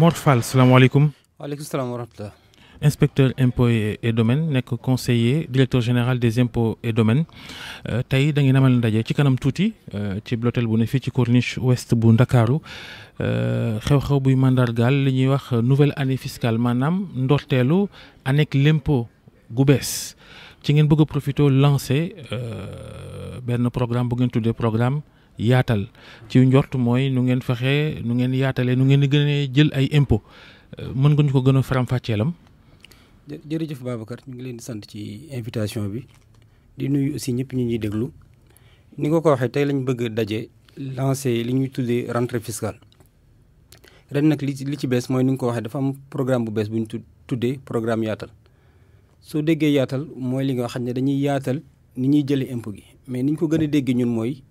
Mor salam alaikum. waaleykum salam wa inspecteur impôts et domaines nek conseiller directeur général des impôts et domaines euh, Tay da namal ndaje ci kanam touti euh, ci blotel bu ne fi ci corniche ouest bu ndakaaru euh, xew-xew buy mandargal li wax nouvelle année fiscale manam ndortelu anek l'impôt gu ci ngeen bëgg a lancer lancé benn programme bu ngeen programme. yaatal ci njort mooy nu ngeen fexe nu ngeen yaatalee nu ngeen di gën a jël ay impôt euh, mën nga ñu ko gën a faram-fàcceelam. jërëjëf Babacar ñu ngi leen di sant ci invitation bi di nuyu aussi ñëpp ñu ñuy déglu ni nga ko waxee tey lañu bëgg daje lancer li ñuy tuddee rentrée fiscale ren nag li ci li ci bees mooy ni nga ko waxee dafa am programme bu bees bu ñu tuddee programme yaatal soo déggee yaatal mooy li nga xam ne dañuy yaatal ni ñuy jëlee impôt gi mais ni ñu ko gën a ñun mooy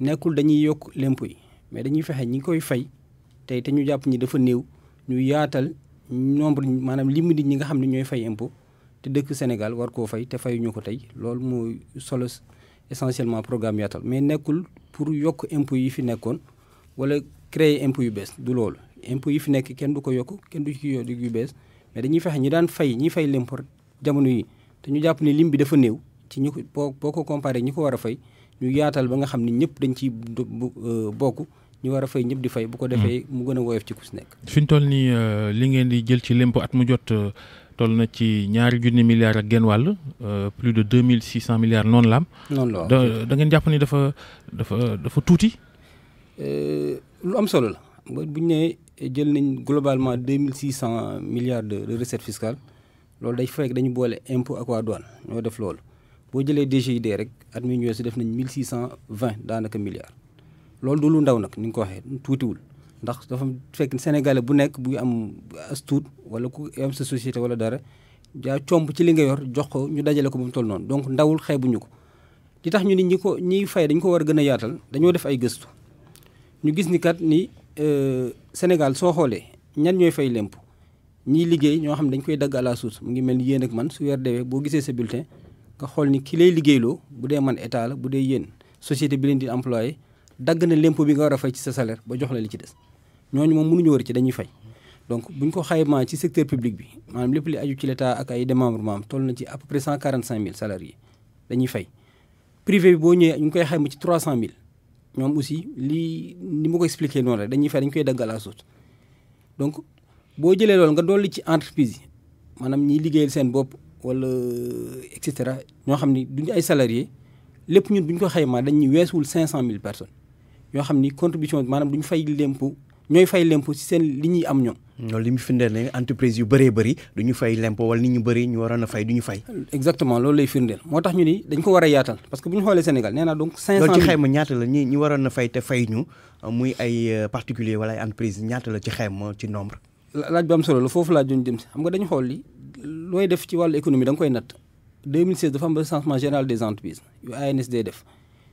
nekkul dañuy yokk lempo yi mais dañuy fexe ñi koy fay tey te ñu jàpp ñi dafa néew ñu yaatal nombre maanaam limu nit ñi nga xam ne ñooy fay impôt te dëkk Sénégal war koo fay te fayuñu ko tey loolu mooy solo essentiellement programme yaatal mais nekkul pour yokk impôt yi fi nekkoon wala créer impôt yu du loolu impôt yi fi nekk kenn du ko yokk kenn du ci yokk yu bees dañuy fexe ñu daan fay ñi fay l'impôt jamono yi te ñu jàpp ne lim bi dafa néew ci ñu ko boo ko comparé ñi ko war a fay ñu yaatal ba nga xam ne ñëpp dañ ci euh, bokk ñu war a fay ñëpp di fay. bu ko defee hmm. mu gën a woyof ci ku si nekk. fi ñu toll nii euh, li ngeen di jël ci lémpo at mu jot euh, toll na ci ñaari junni milliards ak genn wàll plus de deux mille six cent milliards noonu la am. noonu la da da ngeen jàpp ni dafa dafa dafa tuuti. lu am solo la bu ñu jël nañ globalement deux mille six cent milliards de recettes fiscales loolu day fekk dañu boole impôt ak waa douane ñoo def loolu. boo jëlee DGID rek at mi ñëwee si def nañ mille six cent vingt daanaka milliards loolu du lu ndaw nag ni nga ko waxee tuutiwul ndax dafa fekk Sénégalais bu nekk bu am as tuut wala ku am sa société wala dara jaa comp ci li nga yor jox ko ñu dajale ko ba mu toll noonu donc ndawul ñu ko li tax ñu nit ñi ko ñiy fay dañ ko war a gën a yaatal dañoo def ay gëstu ñu gis ni kat ni euh, Sénégal soo xoolee ñan ñooy fay lemp ñiy liggéey ñoo xam ne dañ koy dagg à la source mu ngi mel ni yéen ak man su weer deewee boo gisee sa bulletin nga xool ni ki lay liggéeyloo bu dee man état la bu dee yéen société bi leen di employé dagg na lémpo bi nga war a fay ci sa salaire ba jox la li ci des ñooñu moom mënuñu wër ci dañuy fay donc buñ ko xaymaa ci secteur public bi maanaam lépp li aju ci l'état ak ay démembrement am toll na ci à peu près cent quarante cinq mille salariés dañuy fay privé bi boo ñëwee ñu koy xayma ci trois cent mille ñoom aussi li ni ma ko expliqué noonu rek dañuy fay dañ koy dagg à la source donc boo jëlee loolu nga dolli ci entreprise yi maanaam ñiy liggéeyal seen bopp wala et cetera ñoo xam ni duñu ay salariés lépp ñun bu ñu ko xaymaa dañuy weesuwul cinq cent mille personnes yoo xam ni contribution maanaam duñu fay l'impôt ñooy fay l'impôt si seen li ñuy am ñoom. loolu li mu firndeel ne entreprise yu bëree bëri du ñu fay l'impôt wala nit ñu bëri ñu waroon a fay du ñu fay. exactement loolu lay firndeel moo tax ñu ni dañ ko war a yaatal parce que bu ñu xoolee Sénégal nee naa donc. cinq cent mille ci xayma ñaata la ñi ñi waroon a fay te fay ñu muy ay euh, particulier wala ay entreprise ñaata la ci xayma ci nombre. laaj bu am solo la foofu laa doon jëm si xam nga dañu xool li looy def ci wàllu économie da nga koy natt 2016 dafa am recensement général des entreprises yu ANSD def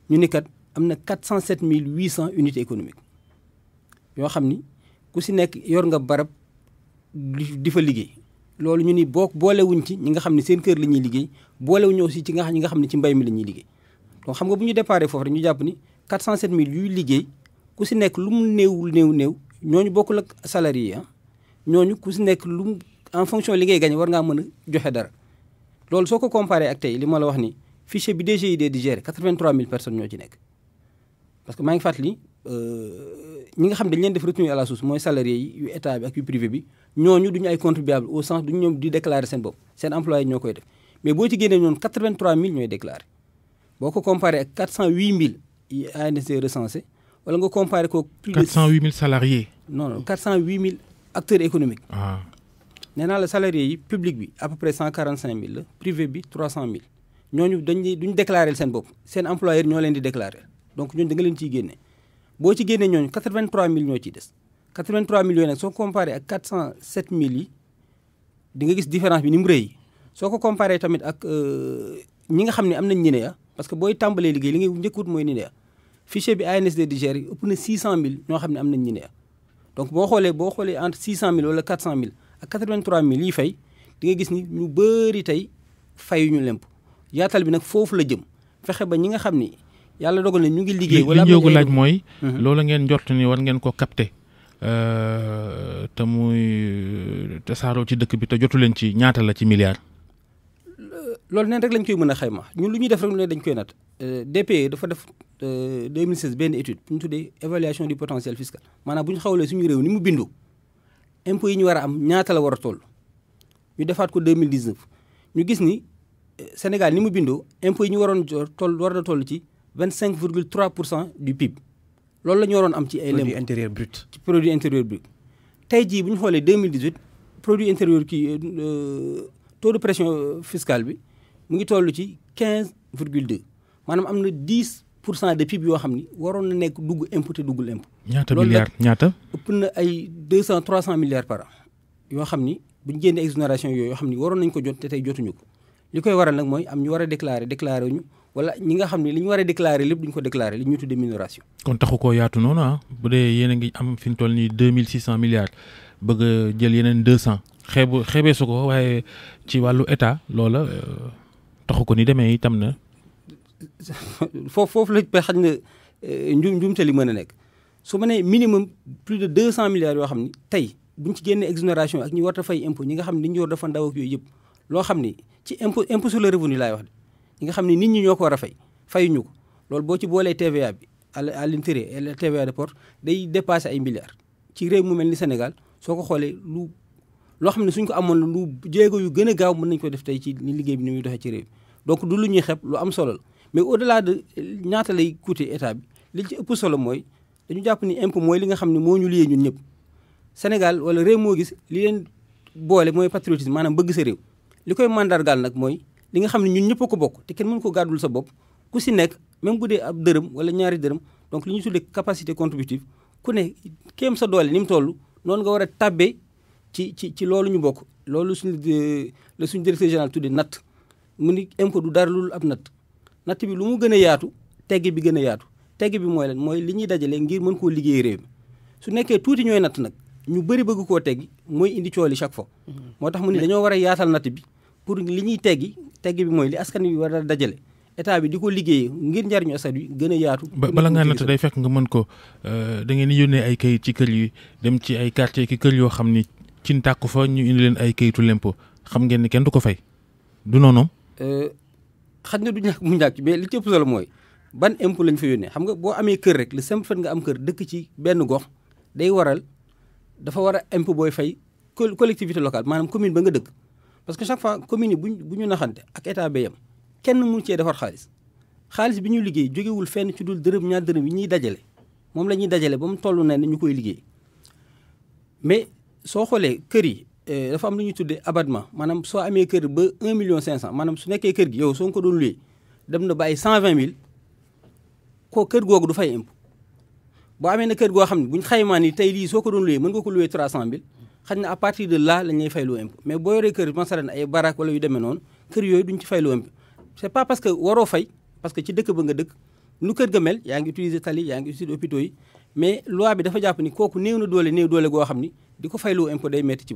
ñu ni kat am na 407 800 unités économiques yoo xam ni ku si nekk yor nga barab di fa liggéey. loolu ñu ni boo boolewuñ ci ñi nga xam ne seen kër la ñuy liggéey boolewuñu si ci nga ñi nga xam ne ci mbay mi la ñuy liggéey donc xam nga bu ñu déparé foofu rek ñu jàpp ni 407 mil yuy liggéey ku si nekk lu mu néew néew néew ñooñu bokkul ak salarié ah si nekk lu en fonction de ce gagné war nga mën a joxe dara Si vous comparez avec ak tay li mala wax ni fichier bi DGID di 000 personnes ñoo ci parce que je ngi que euh, ñi nga xam dañ leen à la source salariés et yu état bi ak yu privé bi au sens du di déclarer sen c'est un employé mais si ci a 83 000, 000 déclaré boo ko comparé ak 408 000 ANC recensé wala nga comparer ko. salariés. non non 000 acteurs économiques. Ah. Le salarié public est à peu près 145 000, privés 300 000. Nous avons déclaré le sénat. C'est un employeur qui a Donc, nous avons gagné. Si vous avez gagné 83 000 83 000 000, si vous comparez à 407 000, il y a différence. Si on comparez à 407 000, vous savez que vous avez Parce que si on avez gagné, vous avez gagné. Si vous avez gagné, vous avez gagné. Si vous avez gagné, vous avez gagné. Si vous avez gagné, Si vous avez gagné, vous avez gagné. Si vous ak 83000 yi fay di nga gis ni ñu bëri tey fayuñu lemp yaatal bi nag foofu la jëm fexe ba ñi nga xam ni yàlla dogal na ñu ngi liggéey. wala li ñu laaj mooy. Mhm. loolu ngeen jot ni war ngeen ko capter. Euh, te muy euh, tasaaroo ci dëkk bi te jotu leen ci ñaata la ci milliard. loolu neen rek lañ koy mën a ma ñun lu ñuy def rek ne dañ koy nat euh, DPE dafa def 2016 benn étude bu ñu tuddee évaluation du potentiel fiscal maanaa bu ñu xawlee suñu réew ni mu bindu. impôts yi ñu war a am ñaata la war a toll ñu defaat ko 2019 ñu gis ni eh, senegal ni mu bindoo impôts yi ñu waroon toll war na toll ci 25 virgule 3 pour cent du PIB loolu la ñu waroon am ci ay produit intérieur brut ci produit intérieur brut tey jii bu ñu xoolee 2018 produit intérieur kii euh, euh, taux de pression fiscale bi mu ngi toll ci 15 virgule 2 am na pour cent de PIB yoo xam ni waroon na nekk dugg impôt te duggul impôt. ñaata milliards ñaata. ëpp na ay deux cent trois cent milliards par an yoo xam ni bu ñu génnee exonération yooyu yoo xam ni waroon nañ ko jot te tey jotuñu ko li koy waral nag mooy am ñu war a déclarer déclarer ñu wala ñi nga xam ne li ñu war a déclarer lépp duñ ko déclarer li ñu tuddee minoration. kon taxu ko yaatu noonu ah bu dee yéen ngi am fi mu toll nii deux mille six cent milliards bëgg jël yeneen deux cent xeebu xeebeesu ko waaye ci wàllu état loola euh, taxu ko ni demee itam na. foofu foofu la ba xaj na euh, njum njumte li mën a nekk su ma nee minimum plus de 200 milliards yoo xam ni tey buñ ci génnee exonération ak ñi war fay impôt ñi nga xam ne ñu yor dafa ndaw ak yëpp loo xam ni ci impôt impôt sur laay wax ñi nga xam ne nit ñi ñoo ko war a fay fayuñu ko loolu boo ci boolee TVA bi à l'intérieur et TVA de port day dépassé ay milliards ci réew mu mel ni Sénégal soo ko xoolee lu loo xam ne suñ ko amoon lu jéego yu gën a gaaw mën nañ ko def tey ci ni liggéey bi ni muy doxee ci réew donc du lu ñuy xeeb lu am solo mais au delà de ñaata lay coûter état bi li ci ëpp solo mooy dañu jàpp ni impôt mooy li nga xam ne moo ñu liyee ñun ñëpp Sénégal wala réew moo gis li leen boole mooy patriotisme maanaam bëgg sa réew li koy mandargal nag mooy li nga xam ne ñun ñëpp ko bokk te kenn mënu ko gàddul sa bopp ku si nekk même bu dee ab dërëm wala ñaari dërëm donc li ñu tuddee capacité contributive ku ne kéem sa doole ni mu toll noonu nga war a tàbbee ci ci ci loolu ñu bokk loolu suñu le suñu directeur général tuddee natt mu ni impôt du dara lul ab natt natt bi lu mu gën a yaatu tegg bi gën a yaatu tegg bi mooy lan mooy li ñuy dajale ngir mën koo liggéey réew mi su nekkee tuuti ñooy natt nag ñu bëri bëgg koo teggi mooy indi cooli chaque fois mm-hmm. moo tax mu ne dañoo war a yaatal natt bi pour li ñuy teggi tegg bi mooy li askan bi war a dajale état bi di ko liggéeyee ngir njariñu askan wi gën a yaatu bala ngaa natt day fekk nga mën ko euh, dangeen ngeen di yónnee ay kayit ci kër yi dem ci ay quartier ki kër yoo xam ni cin tàkku fa ñu indi leen ay kayitu lempo xam ngeen ni kenn du ko fay du noonu euh, xaj na du ñàkk mu ñàkk mais li ci solo mooy ban impôt lañ fa yónnee xam nga boo amee kër rek le simple fait nga am kër dëkk ci benn gox day waral dafa war a impôt booy fay collectivité locale maanaam commune ba nga dëkk. parce que chaque fois commune yi buñ bu ñu naxante ak état ba kenn mënu cee defar xaalis xaalis bi ñu liggéey jógewul fenn ci dul dërëm ñaar dërëm yi ñuy dajale moom la ñuy dajale ba mu toll na ñu koy liggéey mais soo xoolee kër yi. Eh, dafa am lu ñuy tuddee abattement maanaam soo amee kër ba million cinq cent maanaam su nekkee kër gi yow soo ko doon luye dem na bàyyi cent vingt mille koo kër googu du fay imp boo amee na kër goo xam ne buñ xaymaa ni tey lii soo ko doon luye nga ko luye trois cent mille xaj na à partir de là lañ lay fay loo imp mais boo yoree kër masalan ay barak wala yu demee noonu kër yooyu duñ ci fay loo imp c'est pas parce que waroo fay parce que ci dëkk ba nga dëkk nu kër ga mel yaa ngi utiliser tali yaa ngi utiliser hôpitaux yi mais loi bi dafa jàpp ni kooku néew na doole néew doole goo xam ni di ko fay loo imp day metti ci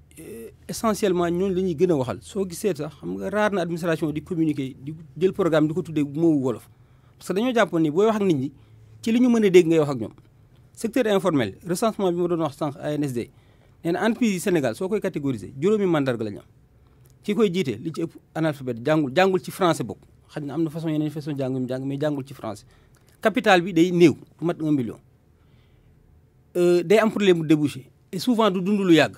essentiellement ñun li ñuy gën a waxal soo gisee sax xam nga raar na administration di communiquer di jël programme di ko tuddee moowu wolof parce que dañoo jàppoon ni booy wax ak nit ñi ci li ñu mën a dégg ngay wax ak ñoom secteur informel recensement bi ma doon wax sànq ANSD nee na entreprise Sénégal soo koy catégoriser juróomi mandarga la ñu am ki koy jiite li ci ëpp analphabète jàngul jàngul ci français bokk xaj na am na façon yeneen façon jàng yu jàng mais jàngul ci français capital bi day néew du mat un million euh, day am problème bu débouché et souvent du dund lu yàgg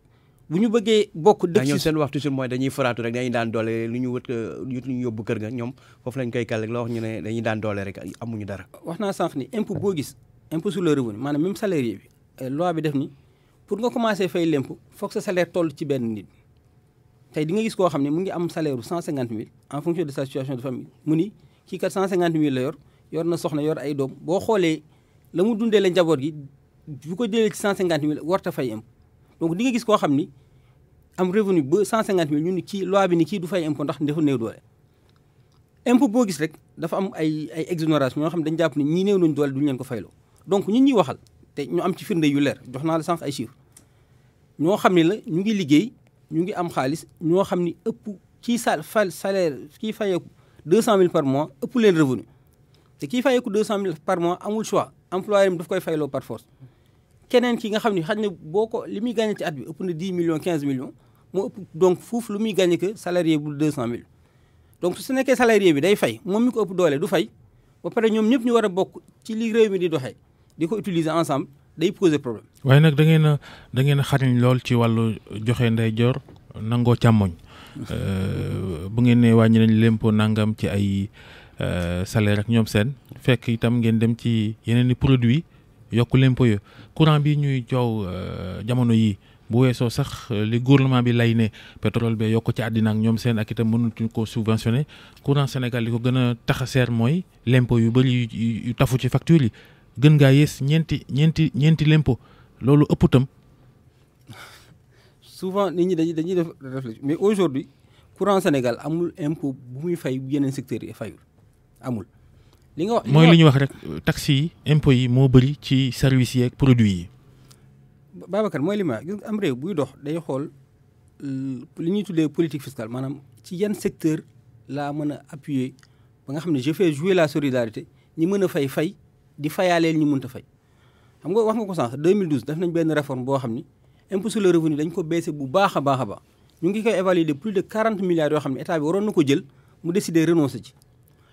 bu ñu bëggee bokk dëkk si seen waxtu si mooy dañuy faraatu rek dañuy daan doole lu ñu wët lu ñu yóbbu kër ga ñoom foofu lañ koy kàlle la wax ñu ne dañuy daan doole rek amuñu dara wax naa sànq ni impôt boo gis impôt sur le revenu maanaam même salarié bi euh, def ni pour nga commencé fay l'impôt foog sa salaire toll ci benn nit tey di nga gis koo xam ne mu ngi am salaire bu cent cinquante mille en fonction de sa situation de famille mu ni kii kat cent cinquante mille la yor yor na soxna yor ay doom boo xoolee la mu dundee la njaboot gi bu ko jëlee ci cent cinquante mille warta fay impôt donc di nga gis koo xam ni am revenu ba cent cinquante mille ñu ni kii loi bi ni kii du fay impôt ndax ndefu néew doole impôt boo gis rek dafa am ay ay exonération yoo xam dañ dañu jàpp ne ñii néew nañu doole duñu leen ko faylo donc ñun ñi waxal te ñu am ci firnde yu leer jox naa la sànq ay chiffre ñoo xam ne la ñu ngi liggéey ñu ngi am xaalis ñoo xam ni ëpp kii sal fal salaire kii fayeeku deux cent par mois ëpp leen revenu te kii fayeeku deux cent par mois amul choix employeur daf koy fayloo par force keneen ki nga xam xaj na gagné 10 millions 15 millions moo ëpp donc foofu lu muy gagné que salarié bu 200 000 donc su nekkee salarié bi day fay moom mi ko ëpp doole du fay ba pare ñoom ñëpp ñu war a ci li réew utiliser ensemble day poser problème. waaye nag da ngeen a da ngeen a les lool ci wàllu joxe ndeyjoor nangoo càmmoñ mm-hmm. euh, bu ne nañ nangam ci ay euh, salaire ak fekk produits yokk lempo courant bi ñuy jow euh, jamono yi bu weesoo sax euh, li gouvernement bi lay ne pétrole bi yokk ci àddina ak ñoom seen ak itam mënatuñ koo subventionné courant Sénégal li ko gën a tax mooy lempo yu bëri yu tafu ci facture yi gën ngaa yées ñeenti ñeenti ñeenti lempo loolu ëpp tam souvent nit ñi dañuy dañuy def réflexion mais aujourd'hui courant Sénégal amul impôt bu muy fay yeneen secteur yi fayul amul li nga mooy li ñu wax rek taxi yi impôts yi moo bëri ci service yi ak produits yi. Babacar mooy li ma gis am réew buy dox day xool li ñuy tuddee politique fiscale maanaam ci yan secteur laa mën a appuyer ba nga xam ne je fais jouer la solidarité ñi mën a fay fay di fayaaleel ñi mënta fay. xam nga wax nga ko sànq 2012 def nañ benn réforme boo xam ni impôt sur le revenu dañ ko baissé bu baax a baax a baax ñu ngi koy évaluer de plus de 40 milliards yoo xam ne état bi waroon na ko jël mu décider renoncer ci.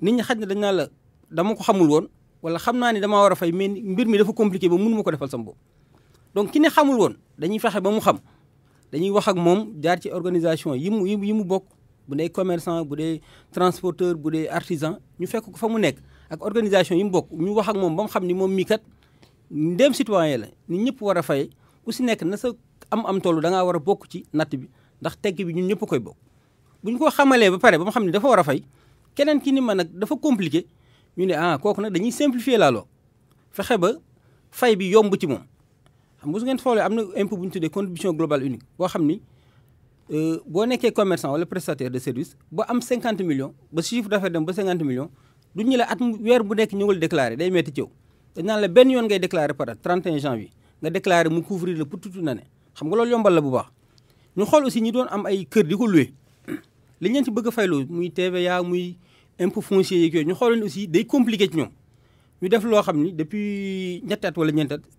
nit ñi xaj na dañ naa la dama ko xamul woon wala xam naa ni damaa war a fay mais mbir mi dafa compliqué ba mënu ma ko defal sama bopp donc ki ne xamul woon dañuy fexe ba mu xam dañuy wax ak moom jaar ci organisation yi mu yi mu bokk bu dee commerçant bu dee transporteur bu dee artisan ñu fekk ko fa mu nekk ak organisation yi mu bokk ñu wax ak moom ba mu xam ni moom mii kat ndéem citoyen la nit ñëpp war a fay ku si nekk na sa am-am toll da ngaa war a bokk ci natt bi ndax tegg bi ñun ñëpp koy bokk bu ñu ko xamalee ba pare ba mu xam ne dafa war a fay keneen ki ni ma dafa compliqué ñu ah simplifier la loi fexe fay bi yomb ci xam ngeen am na impôt contribution globale unique boo xam ni euh, boo nekkee commerçant wala prestataire de services ba am 50 millions ba chiffre d'affaires dem 50 millions du la at bu déclaré day metti ci dañ 31 janvier nga déclaré mu couvrir pour tout une xam nga loolu yombal la bu aussi ñi doon am ay kër di ko loué li ci bëgg a TVA un peu foncier nous yooyu ñu xooloon aussi des compliqué ci avons ñu def depuis ñetti wala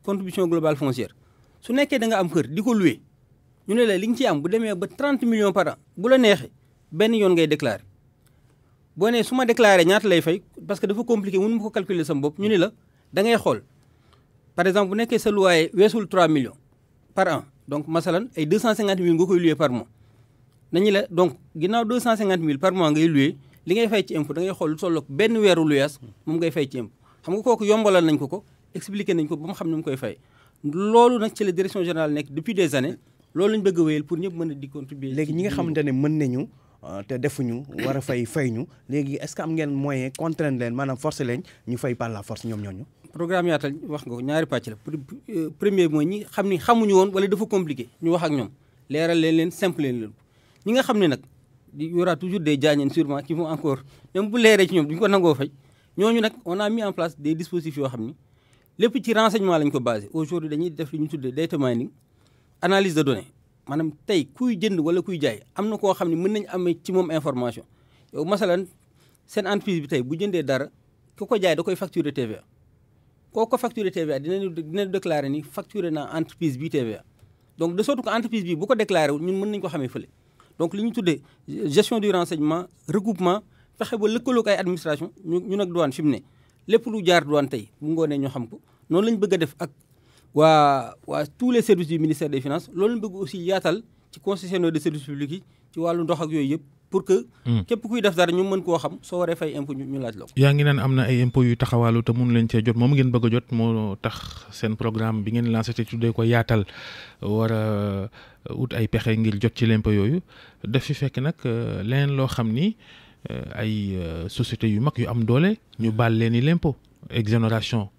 contribution globale foncière su nekkee da nga am kër di Nous ñu ne la li nga ciy am bu 30 millions par an bu la ben yon ngay déclaré bo né suma déclarer déclaré lay fay parce que dafa compliqué mun ma ko calculer ça, bop ñu ne la da ngay xol par exemple bu nekkee sa loyer wessul 3 millions par an donc masalan ay 250 ngokoy louer par mois nañu la donc ginnaw 250 000 par mois ngay louer li ngay fay ci impôt da ngay xool lu tolloog benn weeru lu yees moom ngay fay ci impôt xam nga kooku yombalal nañ ko ko expliqué nañ ko ba mu xam ni mu koy fay loolu nag ci la direction générale nekk depuis des années loolu lañ bëgg a wéyal pour ñëpp mën a di contribuer léegi ñi nga xamante ne mën nañu euh, te defuñu war a fay fay ñu léegi est-ce que am ngeen moyen contraindre leen maanaam forcer leen ñu fay par la force ñoom ñooñu programme yaatal wax nga ko ñaari pàcc la euh, premier mooy ñi xam ni xamuñu woon wala dafa compliqué ñu wax ak ñoom leeral leen leen simple leen ñi nga xam ne nag il y aura toujours des Diagnen sûrement qui vont encore même pour leeree ci ñoom du ñu ko nangoo fay ñooñu on a mis en place des dispositifs au xam Les petits ci renseignement la ko basé aujourd'hui dañuy def ñu data mining analyse de données Madame tey kuy jënd wala kuy jaay amna ko xamni xam ne mën nañu amee ci mom information yow masalan sen entreprise bi tey bu jëndé dara ko ko jaay da koy facturer TVA ko ko facturer TVA dinañu dina déclarer ni facturer na entreprise bi TVA donc de sorte que entreprise bi bu ko déclarer ñun mën nañ ko xamé fële donc li ñu gestion du renseignement regroupement fexe ba lëkkaloog ay administration ñu ñu nag douane fi lepp lu jaar douane tay bu ngone ñu xam ko non lañ bëgg def ak wa wa tous les services du ministère des finances loolu lañ bëgg aussi yaatal ci concessionnaire de services publics yi ci walu ndox ak yooyu yëpp pour que. Hmm. képp kuy def dara ñu mën koo xam soo waree fay impôt ñu laaj la yaa ngi naan am na ay impôt yu taxawaalu te mënu leen cee jot moom ngeen bëgg a jot moo tax seen programme bi ngeen lancé te tuddee ko yaatal war a wut ay pexe ngir jot ci l'impôt yooyu daf fi fekk nag euh, leneen loo xam ni euh, ay euh, société yu mag yu am doole ñu baal leen i l'impôt exonération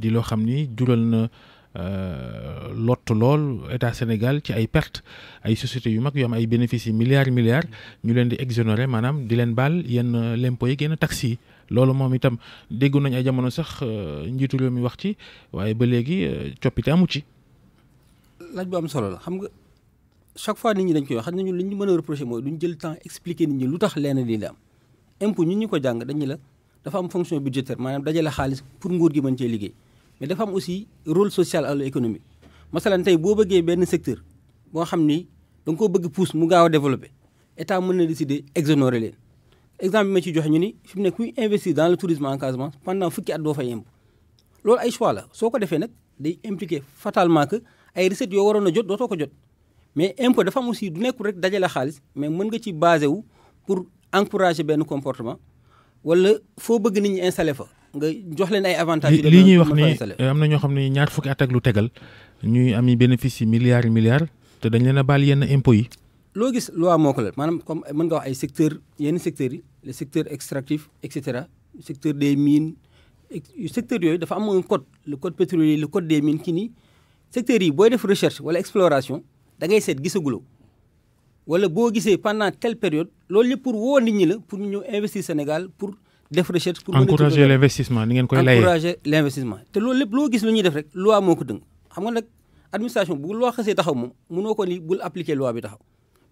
di loo xam ni jural na. Euh, lott lool état Sénégal ci ay perte ay sociétés yu mag yu am ay bénéfices milliards milliards ñu leen di exonérer maanaam di leen baal yenn euh, l'impôt yi génn taxes yi loolu moom itam déggu nañ ay jamono sax euh, njiitu réew mi wax ci waaye ba léegi coppite amu ci. laaj bu am solo la xam nga chaque fois nit ñi dañ koy wax xam nañu li ñu mën a reprocher mooy duñ jël temps expliquer nit ñi lu tax lenn di am impôt ñun ñu ko jàng dañu la dafa am fonction budgétaire maanaam dajale xaalis pour nguur gi mën cee liggéey. mais dafa am aussi rôle social à l'économie masalan tey boo bëggee benn secteur boo xam ni danga nga koo bëgg pousse mu gaaw a développé état mën na décider exonérer leen exemple ma ci joxe ñu ni fi mu ne kuy investi dans le tourisme en Casamance pendant fukki at doo fay imp loolu ay choix la soo ko defee nag day impliqué fatalement que ay recettes yoo waroon a jot dootoo ko jot mais impôt dafa am aussi du nekkul rek dajale xaalis mais mën nga ci basé wu pour encourager benn comportement wala foo bëgg nit ñi installé fa nga jox leen ay avantages. li ñuy wax ni am na ñoo xam ne ñaar fukki at ak lu tegal ñuy am bénéfice yi milliards milliards te dañ leen a baal yenn impôts yi. loo gis loi moo ko la maanaam comme mën nga wax ay secteurs yenn secteurs yi le secteur extractif et cetera secteur des mines secteur yooyu dafa am un code le code pétrolier le code des mines kii nii secteurs yi booy def recherche wala exploration da ngay seet gisaguloo wala boo gisee pendant telle période loolu yëpp pour woo nit ñi la pour ñu ñëw investir Sénégal pour def recherche pour encourager l'investissement ni ngeen koy layee encourager l'investissement te loolu lepp lo gis lu ñuy def rek loi moo ko dëng xam nga nag administration bu loi xasee taxaw moom mënoo ko ni bul appliquer loi bi taxaw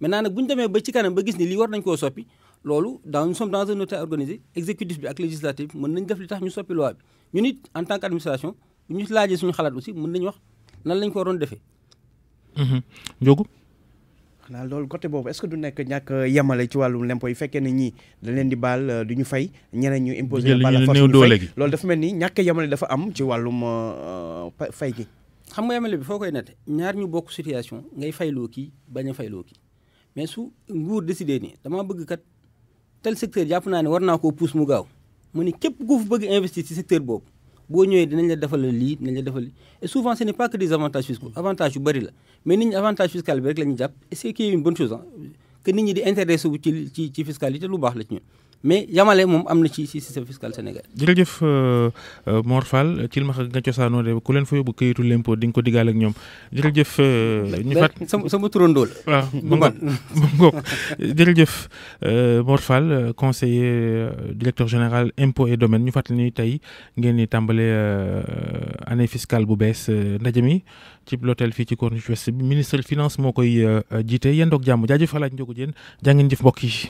maintenant nag bu ñu demee ba ci kanam ba gis ni li war nañ koo soppi loolu dans nous sommes dans un état organisé exécutif bi ak législatif bi mën nañ def li tax ñu soppi loi bi ñun it en tant que administration bu ñu laajee suñu xalaat aussi mën nañu wax nan lañ ko waroon defee mhm. Ndiogou xanaa loolu côté boobu que du nekk ñàkk yemale ci wàllum lempo yi fekkee ne ñii dañ leen di baal euh, du ñu fay ñeneen ñu imposé la loolu dafa mel ni ñàkk yemale dafa am ci wàllum euh, fay ki xam nga yamale bi foo koy nette ñaar ñu bokk situation ngay fayloo kii bañ a fayloo kii mais su nguur décidé ni damaa bëgg kat tel secteur jàpp naa ne war naa ko pousse mu gaaw mu ni képp ku fi bëgg investir ci secteur boobu boo ñëwee dinañ la defal lii dinañ la defal et souvent ce n'est pas que des avantages fiscaux avantage yu bëri la mais nit ñi avantage fiscal bi rek la ñu jàpp et c'est qui est une bonne chose ah que nit ñi di intéressé wu ci ci ci fiscalité lu baax la ci ñun mais yamale moom am na ci ci système fiscal Sénégal. jërëjëf euh, euh, Mor Fall ci li nga cosaanoo de ku leen fa yóbbu këyitu lempo di nga ko digaal ak ñoom jërëjëf. Euh, ben, ñu fat sama sama turandoo la. waaw ah, mu ngoog jërëjëf Mor Fall conseiller directeur général impôt et domaine ñu fat ni tey ngeen ni tàmbale année fiscale bu bees ndaje mi ci l'hôtel fii ci Corniche Ouest bi ministre finance moo koy jiite yéen doog jàmm jaajëf Alaaji Njogu Jeen jaa ngeen jëf mbokk yi.